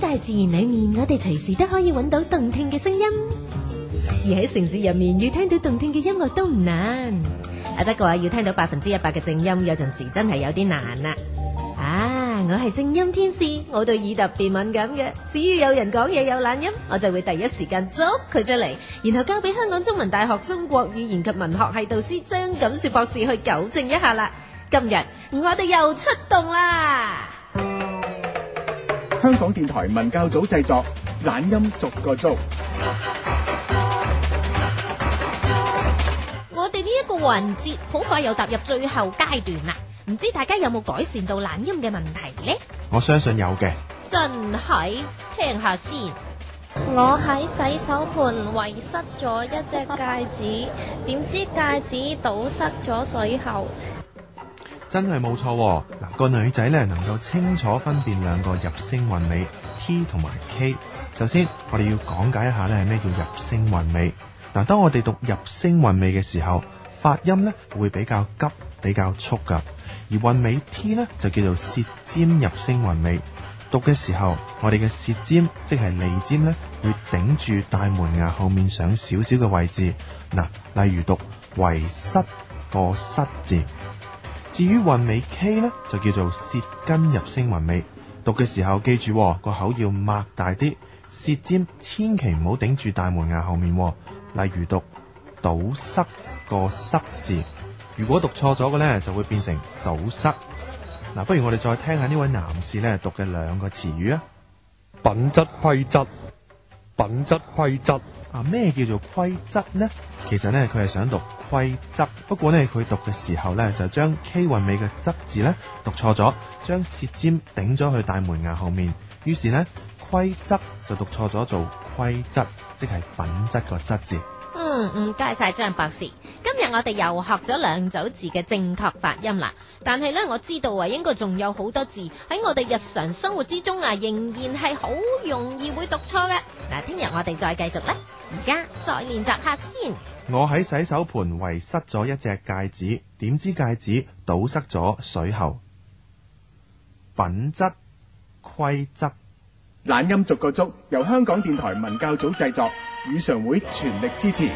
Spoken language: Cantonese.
大自然裏面，我哋隨時都可以揾到動聽嘅聲音；而喺城市入面，要聽到動聽嘅音樂都唔難。不過要聽到百分之一百嘅正音，有陣時真係有啲難啦、啊。啊，我係正音天使，我對耳特別敏感嘅。只要有人講嘢有懶音，我就會第一時間捉佢出嚟，然後交俾香港中文大學中國語言及文學系導師張錦說博士去糾正一下啦。今日我哋又出動啦。香港電台文教組製作，懶音逐個捉。我哋呢一個環節好快又踏入最後階段啦，唔知大家有冇改善到懶音嘅問題呢？我相信有嘅。真係，聽下先。我喺洗手盆遺失咗一隻戒指，點知戒指堵塞咗水喉。真係冇錯。嗱、哦，個女仔咧，能夠清楚分辨兩個入聲韻尾 t 同埋 k。首先，我哋要講解一下咧，係咩叫入聲韻尾。嗱、啊，當我哋讀入聲韻尾嘅時候，發音咧會比較急、比較速噶。而韻尾 t 咧，就叫做舌尖入聲韻尾，讀嘅時候，我哋嘅舌尖即係脷尖咧會頂住大門牙後面上少少嘅位置。嗱、啊，例如讀遺失個失字。至於韻尾 k 呢，就叫做舌根入聲韻尾，讀嘅時候，記住個口要擘大啲，舌尖千祈唔好頂住大門牙後面。例如讀堵塞個塞字，如果讀錯咗嘅呢，就會變成堵塞。嗱、嗯，不如我哋再聽下呢位男士呢讀嘅兩個詞語啊，品質規則，品質規則。啊咩叫做規則呢？其實咧佢係想讀規則，不過咧佢讀嘅時候咧就將 k 韻尾嘅則字咧讀錯咗，將舌尖頂咗去大門牙後面，於是咧規則就讀錯咗做規質，即係品質個質字。嗯嗯，多謝晒張博士。我哋又學咗兩組字嘅正確發音啦，但係呢，我知道啊，應該仲有好多字喺我哋日常生活之中啊，仍然係好容易會讀錯嘅。嗱，聽日我哋再繼續呢。而家再練習下先。我喺洗手盆遺失咗一隻戒指，點知戒指堵塞咗水喉，品質規則懶音逐個捉，由香港電台文教組製作，語常會全力支持。